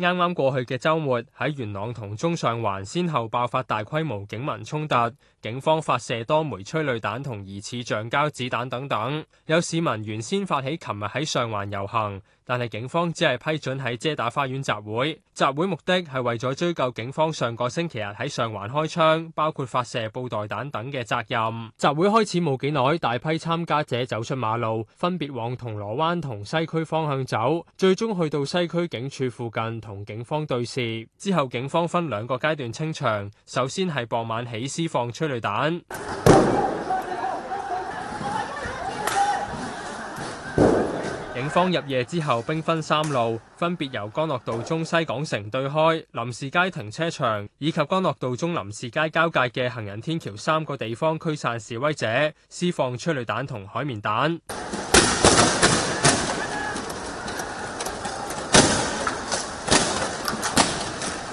啱啱過去嘅周末，喺元朗同中上環先後爆發大規模警民衝突，警方發射多枚催淚彈同疑似橡膠子彈等等。有市民原先發起琴日喺上環遊行，但係警方只係批准喺遮打花園集會。集會目的係為咗追究警方上個星期日喺上環開槍，包括發射布袋彈等嘅責任。集會開始冇幾耐，大批參加者走出馬路，分別往銅鑼灣同西區方向走，最終去到西區警署附近。同警方對峙之後，警方分兩個階段清場，首先係傍晚起施放催淚彈。 警方入夜之後，兵分三路，分別由干諾道中西港城對開、林士街停車場以及干諾道中林士街交界嘅行人天橋三個地方驅散示威者，施放催淚彈同海綿彈。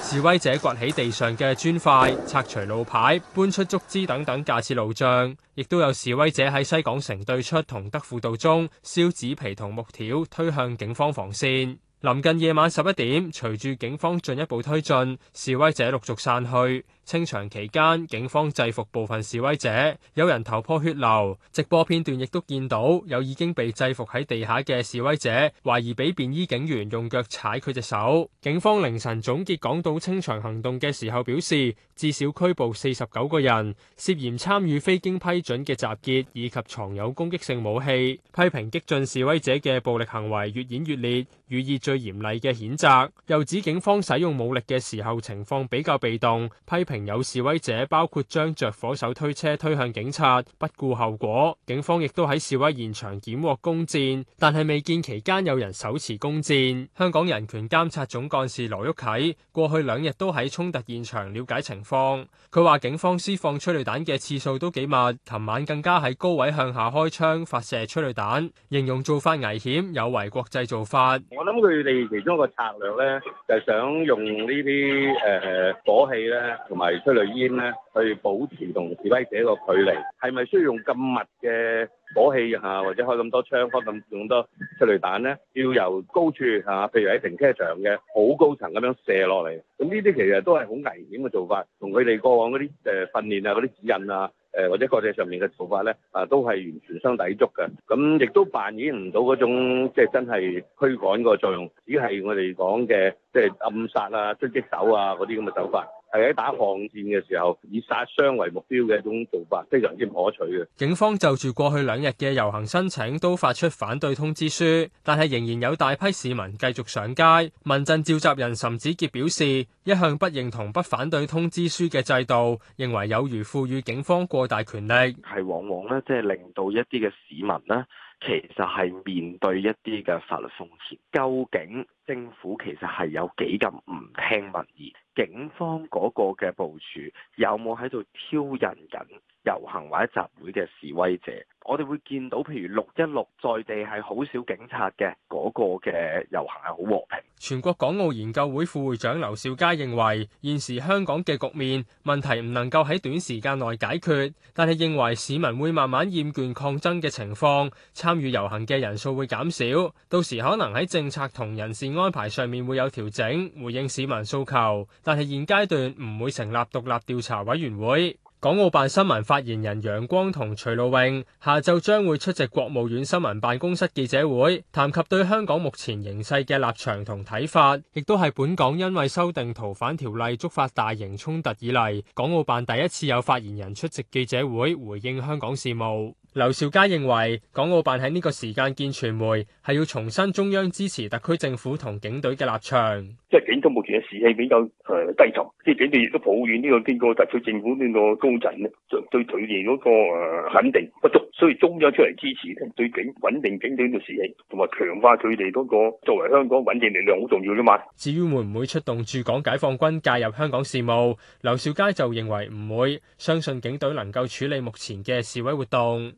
示威者掘起地上嘅磚塊、拆除路牌、搬出竹枝等等，架設路障，亦都有示威者喺西港城對出同德輔道中燒紙皮同木條，推向警方防線。臨近夜晚十一點，隨住警方進一步推進，示威者陸續散去。清場期間，警方制服部分示威者，有人頭破血流。直播片段亦都見到有已經被制服喺地下嘅示威者，懷疑俾便衣警員用腳踩佢隻手。警方凌晨總結港島清場行動嘅時候表示，至少拘捕四十九個人，涉嫌參與非經批准嘅集結以及藏有攻擊性武器。批評激進示威者嘅暴力行為越演越烈，予以最嚴厲嘅譴責。又指警方使用武力嘅時候情況比較被動，批評。有示威者包括將着火手推車推向警察，不顧後果。警方亦都喺示威現場檢獲弓箭，但係未見期間有人手持弓箭。香港人權監察總幹事羅旭啟過去兩日都喺衝突現場了解情況。佢話警方施放催淚彈嘅次數都幾密，琴晚更加喺高位向下開槍發射催淚彈，形容做法危險，有違國際做法。我諗佢哋其中一個策略咧，就係、是，想用呢啲誒誒火器咧，同埋。嚟出催淚煙呢，去保持同示威者個距離，係咪需要用咁密嘅火器呀，或者開咁多槍，開咁多催淚彈呢？要由高處嚇，譬如喺停車場嘅好高層咁樣射落嚟，咁呢啲其實都係好危險嘅做法，同佢哋過往嗰啲誒訓練啊、嗰啲指引啊、誒或者國際上面嘅做法咧，啊都係完全相抵觸嘅。咁亦都扮演唔到嗰種即係、就是、真係驅趕個作用，只係我哋講嘅即係暗殺啊、狙擊手啊嗰啲咁嘅手法。喺打巷戰嘅時候，以殺傷為目標嘅一種做法，非常之不可取嘅。警方就住過去兩日嘅遊行申請，都發出反對通知書，但係仍然有大批市民繼續上街。民陣召集人岑子傑表示，一向不認同不反對通知書嘅制度，認為有如賦予警方過大權力，係往往呢，即係令到一啲嘅市民呢，其實係面對一啲嘅法律風險，究竟政府其實係有幾咁唔聽民意？警方嗰個嘅部署有冇喺度挑釁緊？遊行或者集會嘅示威者，我哋會見到，譬如六一六在地係好少警察嘅嗰個嘅遊行係好和平。全國港澳研究會副會長劉兆佳認為，現時香港嘅局面問題唔能夠喺短時間內解決，但係認為市民會慢慢厭倦抗爭嘅情況，參與遊行嘅人數會減少，到時可能喺政策同人事安排上面會有調整，回應市民訴求，但係現階段唔會成立獨立調查委員會。港澳辦新聞發言人楊光同徐露穎下晝將會出席國務院新聞辦公室記者會，談及對香港目前形勢嘅立場同睇法，亦都係本港因為修訂逃犯條例觸發大型衝突以嚟，港澳辦第一次有發言人出席記者會回應香港事務。劉兆佳認為，港澳辦喺呢個時間見傳媒，係要重申中央支持特區政府同警隊嘅立場，即係警隊目前嘅士氣比較誒低沉，即係警隊亦都抱怨呢個經過特區政府呢個高層咧，對對佢哋嗰個誒肯定，不足，所以中央出嚟支持咧，對警穩定警隊嘅士氣，同埋強化佢哋嗰個作為香港穩定力量好重要啊嘛。至於會唔會出動駐港解放軍介入香港事務，劉兆佳就認為唔會，相信警隊能夠處理目前嘅示威活動。